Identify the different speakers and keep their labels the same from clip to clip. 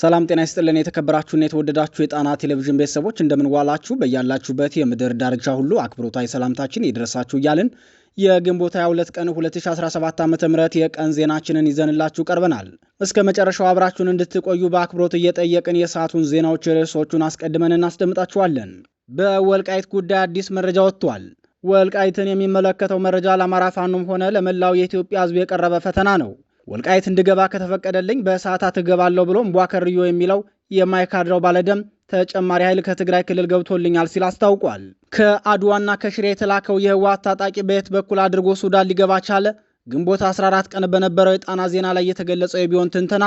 Speaker 1: ሰላም ጤና ይስጥልን። የተከበራችሁና የተወደዳችሁ የጣና ቴሌቪዥን ቤተሰቦች እንደምንዋላችሁ፣ በያላችሁበት የምድር ዳርቻ ሁሉ አክብሮታዊ ሰላምታችን ይድረሳችሁ እያልን የግንቦት 22 ቀን 2017 ዓ ም የቀን ዜናችንን ይዘንላችሁ ቀርበናል። እስከ መጨረሻው አብራችሁን እንድትቆዩ በአክብሮት እየጠየቅን የሰዓቱን ዜናዎች ርዕሶቹን አስቀድመን እናስደምጣችኋለን። በወልቃይት ጉዳይ አዲስ መረጃ ወጥቷል። ወልቃይትን የሚመለከተው መረጃ ለአማራ ፋኖም ሆነ ለመላው የኢትዮጵያ ሕዝብ የቀረበ ፈተና ነው። ወልቃይት እንድገባ ከተፈቀደልኝ በሰዓታት እገባለሁ ብሎ ቧከርዮ የሚለው የማይካድራው ባለደም ተጨማሪ ኃይል ከትግራይ ክልል ገብቶልኛል ሲል አስታውቋል። ከአድዋና ከሽሬ የተላከው የህወሓት ታጣቂ በየት በኩል አድርጎ ሱዳን ሊገባ ቻለ? ግንቦት 14 ቀን በነበረው የጣና ዜና ላይ የተገለጸው የቢሆን ትንተና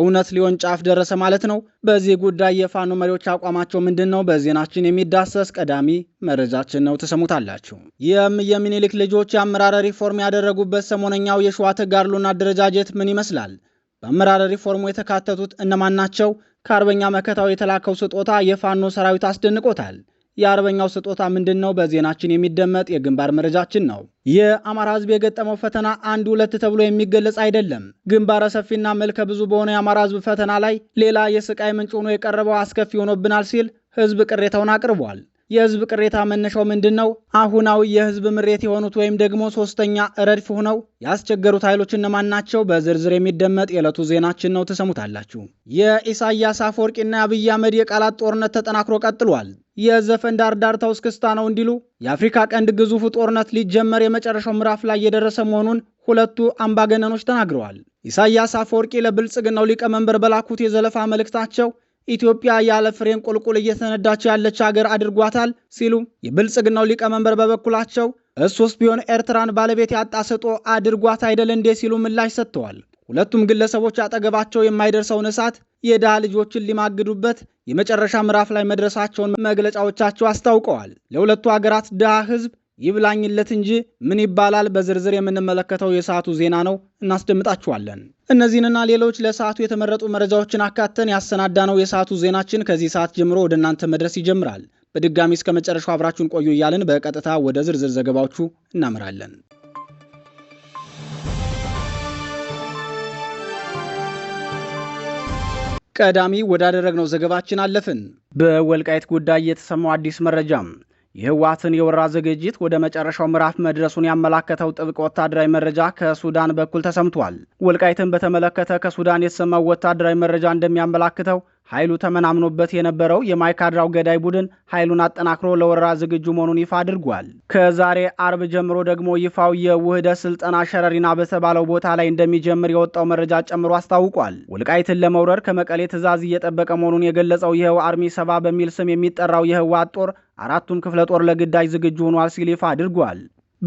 Speaker 1: እውነት ሊሆን ጫፍ ደረሰ ማለት ነው? በዚህ ጉዳይ የፋኖ መሪዎች አቋማቸው ምንድን ነው? በዜናችን የሚዳሰስ ቀዳሚ መረጃችን ነው፣ ተሰሙታላችሁ። ይህም የሚኒሊክ ልጆች የአመራር ሪፎርም ያደረጉበት ሰሞነኛው የሸዋ ተጋድሎና አደረጃጀት ምን ይመስላል? በአመራር ሪፎርሙ የተካተቱት እነማን ናቸው? ከአርበኛ መከታው የተላከው ስጦታ የፋኖ ሰራዊት አስደንቆታል። የአርበኛው ስጦታ ምንድን ነው? በዜናችን የሚደመጥ የግንባር መረጃችን ነው። የአማራ ህዝብ የገጠመው ፈተና አንድ ሁለት ተብሎ የሚገለጽ አይደለም። ግንባረ ሰፊና መልከ ብዙ በሆነ የአማራ ህዝብ ፈተና ላይ ሌላ የስቃይ ምንጭ ሆኖ የቀረበው አስከፊ ሆኖብናል ሲል ህዝብ ቅሬታውን አቅርቧል። የህዝብ ቅሬታ መነሻው ምንድን ነው? አሁናዊ የህዝብ ምሬት የሆኑት ወይም ደግሞ ሶስተኛ ረድፍ ሆነው ያስቸገሩት ኃይሎች እነማን ናቸው? በዝርዝር የሚደመጥ የዕለቱ ዜናችን ነው፣ ትሰሙታላችሁ። የኢሳያስ አፈወርቂና የአብይ አህመድ የቃላት ጦርነት ተጠናክሮ ቀጥሏል። የዘፈን ዳር ዳርዳርታው እስክስታ ነው እንዲሉ የአፍሪካ ቀንድ ግዙፉ ጦርነት ሊጀመር የመጨረሻው ምዕራፍ ላይ የደረሰ መሆኑን ሁለቱ አምባገነኖች ተናግረዋል። ኢሳያስ አፈወርቂ ለብልጽግናው ሊቀመንበር በላኩት የዘለፋ መልእክታቸው ኢትዮጵያ ያለ ፍሬን ቁልቁል እየተነዳቸው ያለች ሀገር አድርጓታል ሲሉ የብልጽግናው ሊቀመንበር በበኩላቸው እሱስ ቢሆን ኤርትራን ባለቤት ያጣ ስጦ አድርጓት አይደል እንዴ ሲሉ ምላሽ ሰጥተዋል። ሁለቱም ግለሰቦች አጠገባቸው የማይደርሰውን እሳት የድሃ ልጆችን ሊማግዱበት የመጨረሻ ምዕራፍ ላይ መድረሳቸውን መግለጫዎቻቸው አስታውቀዋል። ለሁለቱ ሀገራት ድሃ ህዝብ ይብላኝለት እንጂ ምን ይባላል በዝርዝር የምንመለከተው የሰዓቱ ዜና ነው። እናስደምጣችኋለን። እነዚህንና ሌሎች ለሰዓቱ የተመረጡ መረጃዎችን አካተን ያሰናዳነው የሰዓቱ ዜናችን ከዚህ ሰዓት ጀምሮ ወደ እናንተ መድረስ ይጀምራል። በድጋሚ እስከ መጨረሻው አብራችሁን ቆዩ እያልን በቀጥታ ወደ ዝርዝር ዘገባዎቹ እናምራለን። ቀዳሚ ወዳደረግነው ዘገባችን አለፍን። በወልቃይት ጉዳይ የተሰማው አዲስ መረጃም የህወሓትን የወራ ዝግጅት ወደ መጨረሻው ምዕራፍ መድረሱን ያመላከተው ጥብቅ ወታደራዊ መረጃ ከሱዳን በኩል ተሰምቷል። ወልቃይትን በተመለከተ ከሱዳን የተሰማው ወታደራዊ መረጃ እንደሚያመላክተው ኃይሉ ተመናምኖበት የነበረው የማይካድራው ገዳይ ቡድን ኃይሉን አጠናክሮ ለወረራ ዝግጁ መሆኑን ይፋ አድርጓል። ከዛሬ አርብ ጀምሮ ደግሞ ይፋው የውህደት ስልጠና ሸረሪና በተባለው ቦታ ላይ እንደሚጀምር የወጣው መረጃ ጨምሮ አስታውቋል። ውልቃይትን ለመውረር ከመቀሌ ትዕዛዝ እየጠበቀ መሆኑን የገለጸው ይኸው አርሚ ሰባ በሚል ስም የሚጠራው የህወሓት ጦር አራቱም ክፍለ ጦር ለግዳጅ ዝግጁ ሆኗል ሲል ይፋ አድርጓል።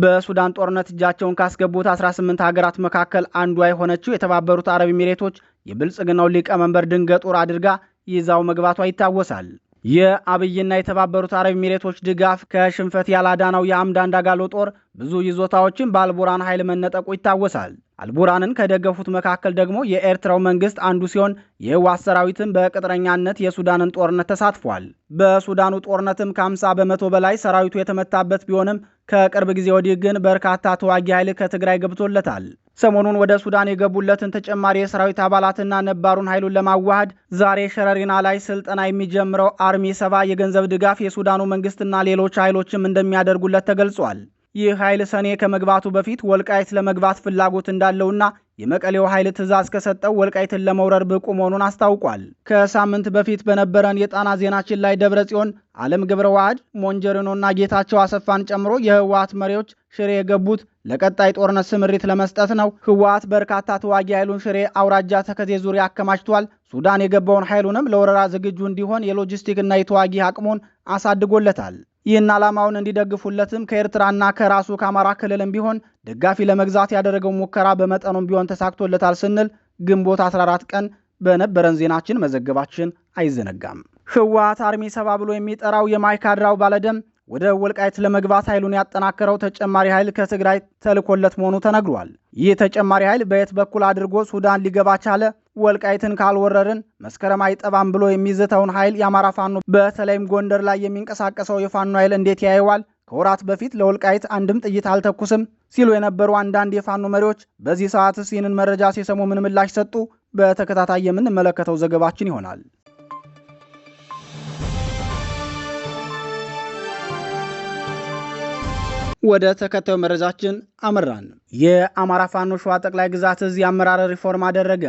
Speaker 1: በሱዳን ጦርነት እጃቸውን ካስገቡት 18 ሀገራት መካከል አንዷ የሆነችው የተባበሩት አረብ ኤሚሬቶች የብልጽግናው ሊቀመንበር ድንገ አድርጋ ይዛው መግባቷ ይታወሳል። የአብይና የተባበሩት አረብ ኤሚሬቶች ድጋፍ ከሽንፈት ያላዳናው የአምዳን ዳጋሎ ጦር ብዙ ይዞታዎችን በአልቡራን ኃይል መነጠቁ ይታወሳል። አልቡራንን ከደገፉት መካከል ደግሞ የኤርትራው መንግስት አንዱ ሲሆን የህወሓት ሰራዊትም በቅጥረኛነት የሱዳንን ጦርነት ተሳትፏል። በሱዳኑ ጦርነትም ከ50 በመቶ በላይ ሰራዊቱ የተመታበት ቢሆንም ከቅርብ ጊዜ ወዲህ ግን በርካታ ተዋጊ ኃይል ከትግራይ ገብቶለታል። ሰሞኑን ወደ ሱዳን የገቡለትን ተጨማሪ የሰራዊት አባላትና ነባሩን ኃይሉን ለማዋሃድ ዛሬ ሸረሪና ላይ ስልጠና የሚጀምረው አርሚ ሰባ የገንዘብ ድጋፍ የሱዳኑ መንግስትና ሌሎች ኃይሎችም እንደሚያደርጉለት ተገልጿል። ይህ ኃይል ሰኔ ከመግባቱ በፊት ወልቃይት ለመግባት ፍላጎት እንዳለውና የመቀሌው ኃይል ትዕዛዝ ከሰጠው ወልቃይትን ለመውረር ብቁ መሆኑን አስታውቋል። ከሳምንት በፊት በነበረን የጣና ዜናችን ላይ ደብረ ጽዮን፣ አለም ግብረ ዋህድ፣ ሞንጀሪኖና ጌታቸው አሰፋን ጨምሮ የህወሀት መሪዎች ሽሬ የገቡት ለቀጣይ ጦርነት ስምሪት ለመስጠት ነው። ህወሀት በርካታ ተዋጊ ኃይሉን ሽሬ አውራጃ ተከዜ ዙሪያ አከማችቷል። ሱዳን የገባውን ኃይሉንም ለወረራ ዝግጁ እንዲሆን የሎጂስቲክና የተዋጊ አቅሙን አሳድጎለታል። ይህን ዓላማውን እንዲደግፉለትም ከኤርትራና ከራሱ ከአማራ ክልልም ቢሆን ደጋፊ ለመግዛት ያደረገው ሙከራ በመጠኑም ቢሆን ተሳክቶለታል ስንል ግንቦት 14 ቀን በነበረን ዜናችን መዘገባችን አይዘነጋም። ህወሓት አርሚ ሰባ ብሎ የሚጠራው የማይካድራው ባለደም ወደ ወልቃይት ለመግባት ኃይሉን ያጠናከረው ተጨማሪ ኃይል ከትግራይ ተልኮለት መሆኑ ተነግሯል። ይህ ተጨማሪ ኃይል በየት በኩል አድርጎ ሱዳን ሊገባ ቻለ? ወልቃይትን ካልወረርን መስከረም አይጠባም ብሎ የሚዝተውን ኃይል የአማራ ፋኖ በተለይም ጎንደር ላይ የሚንቀሳቀሰው የፋኖ ኃይል እንዴት ያየዋል? ከወራት በፊት ለወልቃይት አንድም ጥይት አልተኩስም ሲሉ የነበሩ አንዳንድ የፋኖ መሪዎች በዚህ ሰዓትስ ይህንን መረጃ ሲሰሙ ምን ምላሽ ሰጡ? በተከታታይ የምንመለከተው ዘገባችን ይሆናል። ወደ ተከታዩ መረጃችን አመራን። የአማራ ፋኖ ሸዋ ጠቅላይ ግዛት እዝ የአመራር ሪፎርም አደረገ።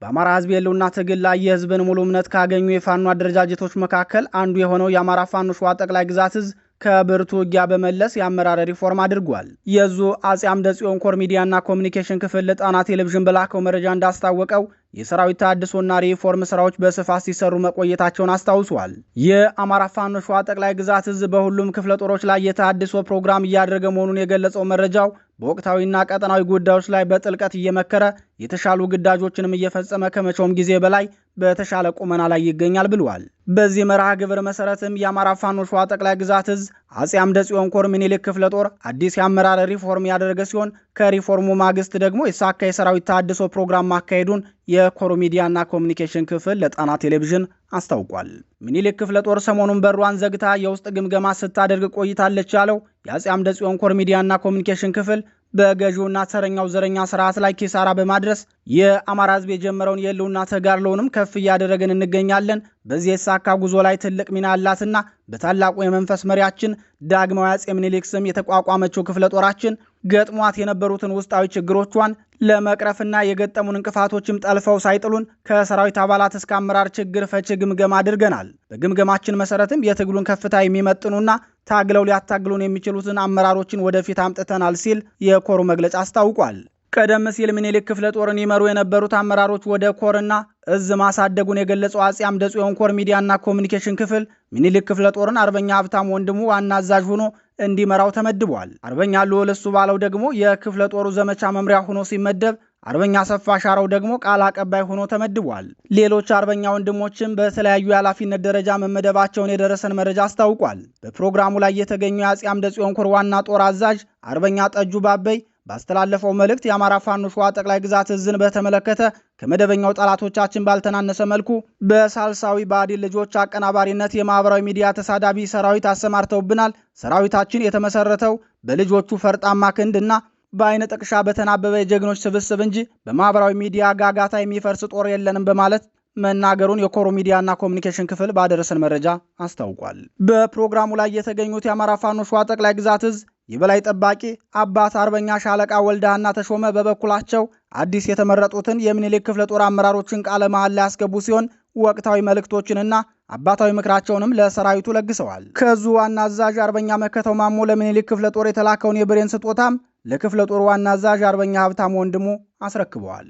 Speaker 1: በአማራ ህዝብ የህልውና ትግል ላይ የህዝብን ሙሉ እምነት ካገኙ የፋኖ አደረጃጀቶች መካከል አንዱ የሆነው የአማራ ፋኖ ሸዋ ጠቅላይ ግዛት እዝ ከብርቱ ውጊያ በመለስ የአመራር ሪፎርም አድርጓል። የዙ አጼ አምደ ጽዮን ኮር ሚዲያና ኮሚኒኬሽን ክፍል ለጣና ቴሌቪዥን በላከው መረጃ እንዳስታወቀው የሰራዊት ታድሶና ሪፎርም ስራዎች በስፋት ሲሰሩ መቆየታቸውን አስታውሷል። የአማራ ፋኖ ሸዋ ጠቅላይ ግዛት እዝ በሁሉም ክፍለ ጦሮች ላይ የታድሶ ፕሮግራም እያደረገ መሆኑን የገለጸው መረጃው በወቅታዊና ቀጠናዊ ጉዳዮች ላይ በጥልቀት እየመከረ የተሻሉ ግዳጆችንም እየፈጸመ ከመቼውም ጊዜ በላይ በተሻለ ቁመና ላይ ይገኛል ብለዋል። በዚህ መርሃ ግብር መሰረትም የአማራ ፋኖ ሸዋ ጠቅላይ ግዛት እዝ አጼ አምደ ጽዮን ኮር ምኒልክ ክፍለ ጦር አዲስ የአመራር ሪፎርም ያደረገ ሲሆን ከሪፎርሙ ማግስት ደግሞ የተሳካ የሰራዊት ታድሶ ፕሮግራም ማካሄዱን የኮር ሚዲያና ኮሚኒኬሽን ክፍል ለጣና ቴሌቪዥን አስታውቋል። ሚኒሊክ ክፍለ ጦር ሰሞኑን በሯን ዘግታ የውስጥ ግምገማ ስታደርግ ቆይታለች ያለው የአጼ አምደ ጽዮን ኮር ሚዲያና ኮሚኒኬሽን ክፍል በገዢውና ተረኛው ዘረኛ ስርዓት ላይ ኪሳራ በማድረስ የአማራ ህዝብ የጀመረውን የህልውና ተጋድሎውንም ከፍ እያደረግን እንገኛለን። በዚህ የተሳካ ጉዞ ላይ ትልቅ ሚና አላትና በታላቁ የመንፈስ መሪያችን ዳግማዊ አፄ ምኒልክ ስም የተቋቋመችው ክፍለ ጦራችን ገጥሟት የነበሩትን ውስጣዊ ችግሮቿን ለመቅረፍና የገጠሙን እንቅፋቶችም ጠልፈው ሳይጥሉን ከሰራዊት አባላት እስከ አመራር ችግር ፈቺ ግምገማ አድርገናል። በግምገማችን መሰረትም የትግሉን ከፍታ የሚመጥኑና ታግለው ሊያታግሉን የሚችሉትን አመራሮችን ወደፊት አምጥተናል ሲል የኮሩ መግለጫ አስታውቋል። ቀደም ሲል ምኒልክ ክፍለ ጦርን ይመሩ የነበሩት አመራሮች ወደ ኮርና እዝ ማሳደጉን የገለጸው አጼ አምደ ጽዮን ኮር ሚዲያና ኮሚኒኬሽን ክፍል ምኒልክ ክፍለ ጦርን አርበኛ ሀብታም ወንድሙ ዋና አዛዥ ሆኖ እንዲመራው ተመድቧል። አርበኛ ልዑል ባለው ደግሞ የክፍለ ጦሩ ዘመቻ መምሪያ ሆኖ ሲመደብ አርበኛ ሰፋ ሻራው ደግሞ ቃል አቀባይ ሆኖ ተመድቧል። ሌሎች አርበኛ ወንድሞችም በተለያዩ የኃላፊነት ደረጃ መመደባቸውን የደረሰን መረጃ አስታውቋል። በፕሮግራሙ ላይ የተገኘው የአጼ አምደ ጽዮን ኮር ዋና ጦር አዛዥ አርበኛ ጠጁ ባበይ ባስተላለፈው መልእክት የአማራ ፋኖ ሸዋ ጠቅላይ ግዛት እዝን በተመለከተ ከመደበኛው ጠላቶቻችን ባልተናነሰ መልኩ በሳልሳዊ ባዕዲን ልጆች አቀናባሪነት የማህበራዊ ሚዲያ ተሳዳቢ ሰራዊት አሰማርተውብናል። ሰራዊታችን የተመሰረተው በልጆቹ ፈርጣማ ክንድ እና በአይነ ጥቅሻ በተናበበ የጀግኖች ስብስብ እንጂ በማህበራዊ ሚዲያ ጋጋታ የሚፈርስ ጦር የለንም በማለት መናገሩን የኮሮ ሚዲያና ኮሚኒኬሽን ክፍል ባደረሰን መረጃ አስታውቋል። በፕሮግራሙ ላይ የተገኙት የአማራ ፋኖ ሸዋ ጠቅላይ ግዛት እዝ የበላይ ጠባቂ አባት አርበኛ ሻለቃ ወልዳና ተሾመ በበኩላቸው አዲስ የተመረጡትን የምኒልክ ክፍለ ጦር አመራሮችን ቃለ መሃላ ያስገቡ ሲሆን ወቅታዊ መልእክቶችንና አባታዊ ምክራቸውንም ለሰራዊቱ ለግሰዋል። ከዙ ዋና አዛዥ አርበኛ መከተው ማሞ ለምኒልክ ክፍለ ጦር የተላከውን የብሬን ስጦታም ለክፍለ ጦር ዋና አዛዥ አርበኛ ሀብታም ወንድሙ አስረክበዋል።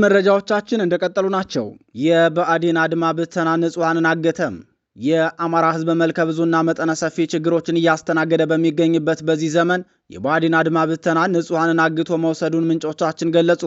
Speaker 1: መረጃዎቻችን እንደቀጠሉ ናቸው። የብአዴን አድማ ብተና ንጹሐንን አገተም። የአማራ ህዝብ መልከ ብዙና መጠነ ሰፊ ችግሮችን እያስተናገደ በሚገኝበት በዚህ ዘመን የብአዴን አድማ ብተና ንጹሐንን አግቶ መውሰዱን ምንጮቻችን ገለጹ።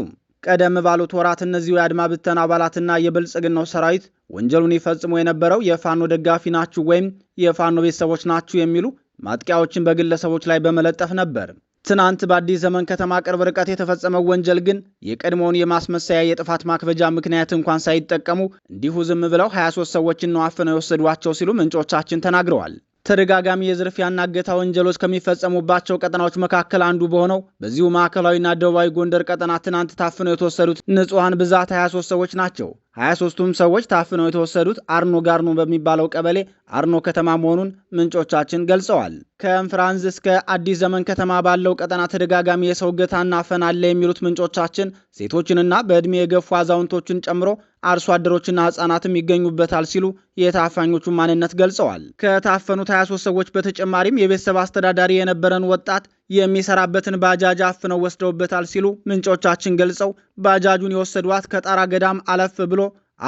Speaker 1: ቀደም ባሉት ወራት እነዚሁ የአድማ ብተና አባላትና የብልጽግናው ሰራዊት ወንጀሉን ይፈጽሙ የነበረው የፋኖ ደጋፊ ናችሁ ወይም የፋኖ ቤተሰቦች ናችሁ የሚሉ ማጥቂያዎችን በግለሰቦች ላይ በመለጠፍ ነበር። ትናንት በአዲስ ዘመን ከተማ ቅርብ ርቀት የተፈጸመው ወንጀል ግን የቀድሞውን የማስመሰያ የጥፋት ማክበጃ ምክንያት እንኳን ሳይጠቀሙ እንዲሁ ዝም ብለው 23 ሰዎችን ነው አፍነው የወሰዷቸው ሲሉ ምንጮቻችን ተናግረዋል። ተደጋጋሚ የዝርፊያና እገታ ወንጀሎች ከሚፈጸሙባቸው ቀጠናዎች መካከል አንዱ በሆነው በዚሁ ማዕከላዊና ደቡባዊ ጎንደር ቀጠና ትናንት ታፍነው የተወሰዱት ንጹሐን ብዛት 23 ሰዎች ናቸው። 23ቱም ሰዎች ታፍነው የተወሰዱት አርኖ ጋርኖ በሚባለው ቀበሌ አርኖ ከተማ መሆኑን ምንጮቻችን ገልጸዋል። ከእንፍራንዝ እስከ አዲስ ዘመን ከተማ ባለው ቀጠና ተደጋጋሚ የሰው እገታና አፈና አለ የሚሉት ምንጮቻችን ሴቶችንና በዕድሜ የገፉ አዛውንቶችን ጨምሮ አርሶ አደሮችና ህጻናትም ይገኙበታል ሲሉ የታፋኞቹ ማንነት ገልጸዋል። ከታፈኑት 23 ሰዎች በተጨማሪም የቤተሰብ አስተዳዳሪ የነበረን ወጣት የሚሰራበትን ባጃጅ አፍነው ወስደውበታል ሲሉ ምንጮቻችን ገልጸው ባጃጁን የወሰዷት ከጣራ ገዳም አለፍ ብሎ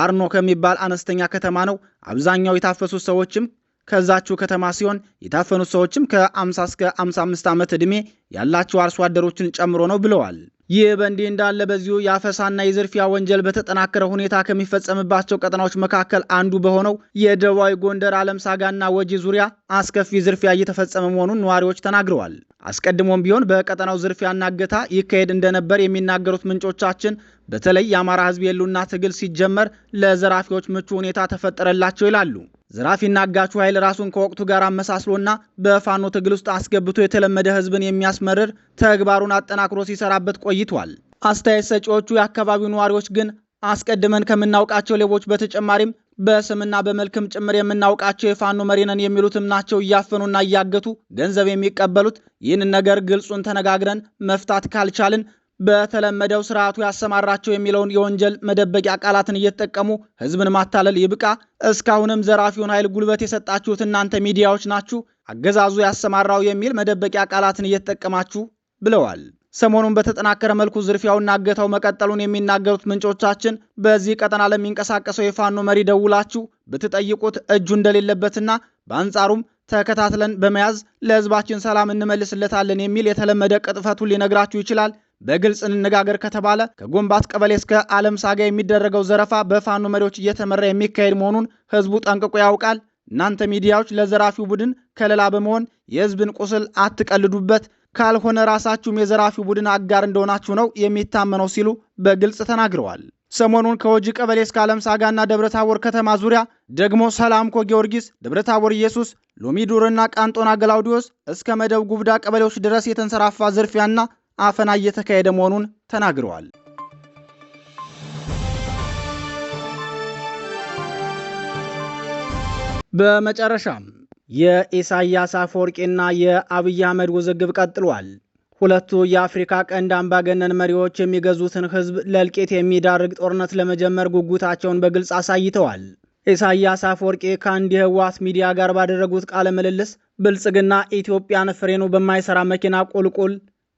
Speaker 1: አርኖ ከሚባል አነስተኛ ከተማ ነው። አብዛኛው የታፈሱት ሰዎችም ከዛችው ከተማ ሲሆን የታፈኑት ሰዎችም ከ50 እስከ 55 ዓመት ዕድሜ ያላቸው አርሶ አደሮችን ጨምሮ ነው ብለዋል። ይህ በእንዲህ እንዳለ በዚሁ የአፈሳና የዝርፊያ ወንጀል በተጠናከረ ሁኔታ ከሚፈጸምባቸው ቀጠናዎች መካከል አንዱ በሆነው የደቡባዊ ጎንደር አለም ሳጋና ወጂ ዙሪያ አስከፊ ዝርፊያ እየተፈጸመ መሆኑን ነዋሪዎች ተናግረዋል። አስቀድሞም ቢሆን በቀጠናው ዝርፊያና እገታ ይካሄድ እንደነበር የሚናገሩት ምንጮቻችን በተለይ የአማራ ሕዝብ የሉና ትግል ሲጀመር ለዘራፊዎች ምቹ ሁኔታ ተፈጠረላቸው ይላሉ። ዘራፊና አጋቹ ኃይል ራሱን ከወቅቱ ጋር አመሳስሎና በፋኖ ትግል ውስጥ አስገብቶ የተለመደ ህዝብን የሚያስመርር ተግባሩን አጠናክሮ ሲሰራበት ቆይቷል። አስተያየት ሰጪዎቹ የአካባቢው ነዋሪዎች ግን አስቀድመን ከምናውቃቸው ሌቦች በተጨማሪም በስምና በመልክም ጭምር የምናውቃቸው የፋኖ መሪነን የሚሉትም ናቸው እያፈኑና እያገቱ ገንዘብ የሚቀበሉት። ይህንን ነገር ግልጹን ተነጋግረን መፍታት ካልቻልን በተለመደው ስርዓቱ ያሰማራቸው የሚለውን የወንጀል መደበቂያ ቃላትን እየተጠቀሙ ህዝብን ማታለል ይብቃ። እስካሁንም ዘራፊውን ኃይል ጉልበት የሰጣችሁት እናንተ ሚዲያዎች ናችሁ፣ አገዛዙ ያሰማራው የሚል መደበቂያ ቃላትን እየተጠቀማችሁ ብለዋል። ሰሞኑን በተጠናከረ መልኩ ዝርፊያውና እገታው መቀጠሉን የሚናገሩት ምንጮቻችን በዚህ ቀጠና ለሚንቀሳቀሰው የፋኖ መሪ ደውላችሁ ብትጠይቁት እጁ እንደሌለበትና በአንጻሩም ተከታትለን በመያዝ ለህዝባችን ሰላም እንመልስለታለን የሚል የተለመደ ቅጥፈቱን ሊነግራችሁ ይችላል። በግልጽ እንነጋገር ከተባለ ከጎንባት ቀበሌ እስከ አለም ሳጋ የሚደረገው ዘረፋ በፋኖ መሪዎች እየተመራ የሚካሄድ መሆኑን ህዝቡ ጠንቅቆ ያውቃል። እናንተ ሚዲያዎች ለዘራፊው ቡድን ከለላ በመሆን የህዝብን ቁስል አትቀልዱበት፣ ካልሆነ ራሳችሁም የዘራፊው ቡድን አጋር እንደሆናችሁ ነው የሚታመነው ሲሉ በግልጽ ተናግረዋል። ሰሞኑን ከወጂ ቀበሌ እስከ አለም ሳጋና ደብረታቦር ከተማ ዙሪያ ደግሞ ሰላምኮ ጊዮርጊስ፣ ደብረታቦር ኢየሱስ፣ ሎሚዱርና ቃንጦና ገላውዲዮስ እስከ መደብ ጉብዳ ቀበሌዎች ድረስ የተንሰራፋ ዝርፊያና አፈና እየተካሄደ መሆኑን ተናግረዋል። በመጨረሻም የኢሳያስ አፈወርቂና የአብይ አህመድ ውዝግብ ቀጥሏል። ሁለቱ የአፍሪካ ቀንድ አምባገነን መሪዎች የሚገዙትን ሕዝብ ለእልቂት የሚዳርግ ጦርነት ለመጀመር ጉጉታቸውን በግልጽ አሳይተዋል። ኢሳያስ አፈወርቂ ከአንድ የህወሓት ሚዲያ ጋር ባደረጉት ቃለ ምልልስ ብልጽግና ኢትዮጵያን ፍሬኑ በማይሰራ መኪና ቁልቁል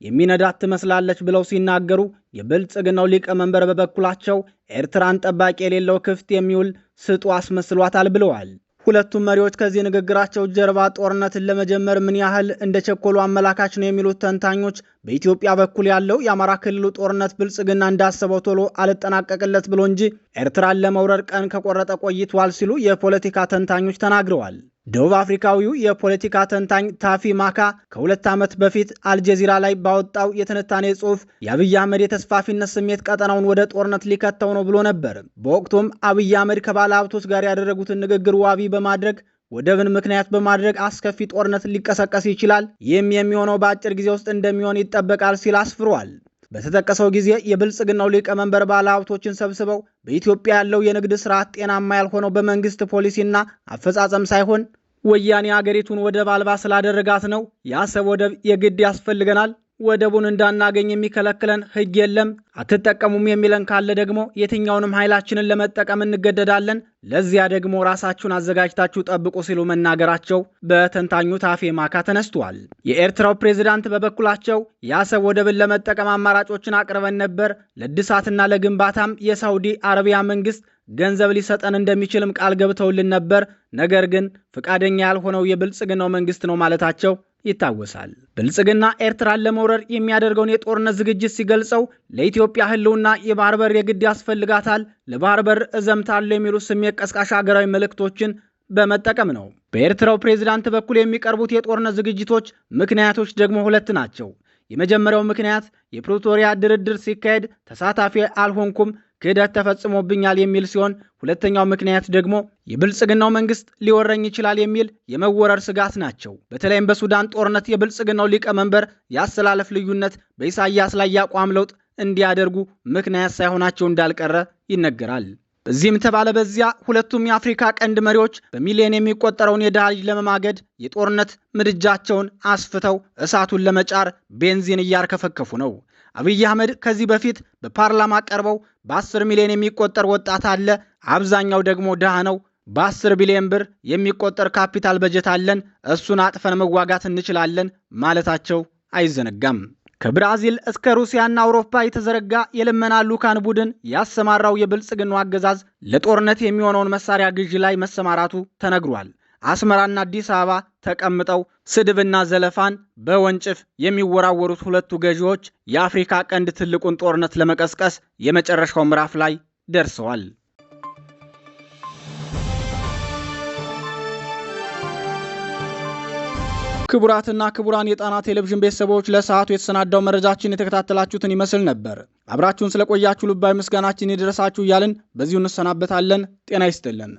Speaker 1: የሚነዳት ትመስላለች ብለው ሲናገሩ፣ የብልጽግናው ሊቀመንበር በበኩላቸው ኤርትራን ጠባቂ የሌለው ክፍት የሚውል ስጡ አስመስሏታል ብለዋል። ሁለቱም መሪዎች ከዚህ ንግግራቸው ጀርባ ጦርነትን ለመጀመር ምን ያህል ቸኮሉ አመላካች ነው የሚሉት ተንታኞች በኢትዮጵያ በኩል ያለው የአማራ ክልሉ ጦርነት ብልጽግና እንዳሰበው ቶሎ አልጠናቀቅለት ብሎ እንጂ ኤርትራን ለመውረር ቀን ከቆረጠ ቆይቷል ሲሉ የፖለቲካ ተንታኞች ተናግረዋል። ደቡብ አፍሪካዊው የፖለቲካ ተንታኝ ታፊ ማካ ከሁለት ዓመት በፊት አልጀዚራ ላይ ባወጣው የትንታኔ ጽሑፍ የአብይ አህመድ የተስፋፊነት ስሜት ቀጠናውን ወደ ጦርነት ሊከተው ነው ብሎ ነበር። በወቅቱም አብይ አህመድ ከባለ ሀብቶች ጋር ያደረጉትን ንግግር ዋቢ በማድረግ ወደብን ምክንያት በማድረግ አስከፊ ጦርነት ሊቀሰቀስ ይችላል፣ ይህም የሚሆነው በአጭር ጊዜ ውስጥ እንደሚሆን ይጠበቃል ሲል አስፍሯል። በተጠቀሰው ጊዜ የብልጽግናው ሊቀመንበር ባለ ሀብቶችን ሰብስበው በኢትዮጵያ ያለው የንግድ ስርዓት ጤናማ ያልሆነው በመንግስት ፖሊሲና አፈጻጸም ሳይሆን ወያኔ አገሪቱን ወደብ አልባ ስላደረጋት ነው የአሰብ ወደብ የግድ ያስፈልገናል፣ ወደቡን እንዳናገኝ የሚከለክለን ሕግ የለም፣ አትጠቀሙም የሚለን ካለ ደግሞ የትኛውንም ኃይላችንን ለመጠቀም እንገደዳለን፣ ለዚያ ደግሞ ራሳችሁን አዘጋጅታችሁ ጠብቁ ሲሉ መናገራቸው በተንታኙ ታፌ ማካ ተነስቷል። የኤርትራው ፕሬዚዳንት በበኩላቸው የአሰብ ወደብን ለመጠቀም አማራጮችን አቅርበን ነበር፣ ለእድሳትና ለግንባታም የሳውዲ አረቢያ መንግስት ገንዘብ ሊሰጠን እንደሚችልም ቃል ገብተውልን ነበር። ነገር ግን ፈቃደኛ ያልሆነው የብልጽግናው መንግስት ነው ማለታቸው ይታወሳል። ብልጽግና ኤርትራን ለመውረር የሚያደርገውን የጦርነት ዝግጅት ሲገልጸው ለኢትዮጵያ ሕልውና የባህር በር የግድ ያስፈልጋታል፣ ለባህር በር እዘምታለሁ የሚሉ ስሜት ቀስቃሽ ሀገራዊ መልእክቶችን በመጠቀም ነው። በኤርትራው ፕሬዝዳንት በኩል የሚቀርቡት የጦርነት ዝግጅቶች ምክንያቶች ደግሞ ሁለት ናቸው። የመጀመሪያው ምክንያት የፕሪቶሪያ ድርድር ሲካሄድ ተሳታፊ አልሆንኩም ክህደት ተፈጽሞብኛል የሚል ሲሆን ሁለተኛው ምክንያት ደግሞ የብልጽግናው መንግስት ሊወረኝ ይችላል የሚል የመወረር ስጋት ናቸው። በተለይም በሱዳን ጦርነት የብልጽግናው ሊቀመንበር የአሰላለፍ ልዩነት በኢሳያስ ላይ ያቋም ለውጥ እንዲያደርጉ ምክንያት ሳይሆናቸው እንዳልቀረ ይነገራል። በዚህም ተባለ በዚያ ሁለቱም የአፍሪካ ቀንድ መሪዎች በሚሊዮን የሚቆጠረውን የድሃ ልጅ ለመማገድ የጦርነት ምድጃቸውን አስፍተው እሳቱን ለመጫር ቤንዚን እያርከፈከፉ ነው። አብይ አህመድ ከዚህ በፊት በፓርላማ ቀርበው በ10 ሚሊዮን የሚቆጠር ወጣት አለ፣ አብዛኛው ደግሞ ድሃ ነው። በ10 ቢሊዮን ብር የሚቆጠር ካፒታል በጀት አለን፣ እሱን አጥፈን መዋጋት እንችላለን ማለታቸው አይዘነጋም። ከብራዚል እስከ ሩሲያና አውሮፓ የተዘረጋ የልመና ልዑካን ቡድን ያሰማራው የብልጽግናው አገዛዝ ለጦርነት የሚሆነውን መሳሪያ ግዢ ላይ መሰማራቱ ተነግሯል። አስመራና አዲስ አበባ ተቀምጠው ስድብና ዘለፋን በወንጭፍ የሚወራወሩት ሁለቱ ገዢዎች የአፍሪካ ቀንድ ትልቁን ጦርነት ለመቀስቀስ የመጨረሻው ምዕራፍ ላይ ደርሰዋል። ክቡራትና ክቡራን የጣና ቴሌቪዥን ቤተሰቦች ለሰዓቱ የተሰናዳው መረጃችን የተከታተላችሁትን ይመስል ነበር። አብራችሁን ስለቆያችሁ ልባዊ ምስጋናችን ይድረሳችሁ እያልን በዚሁ እንሰናበታለን። ጤና ይስጥልን።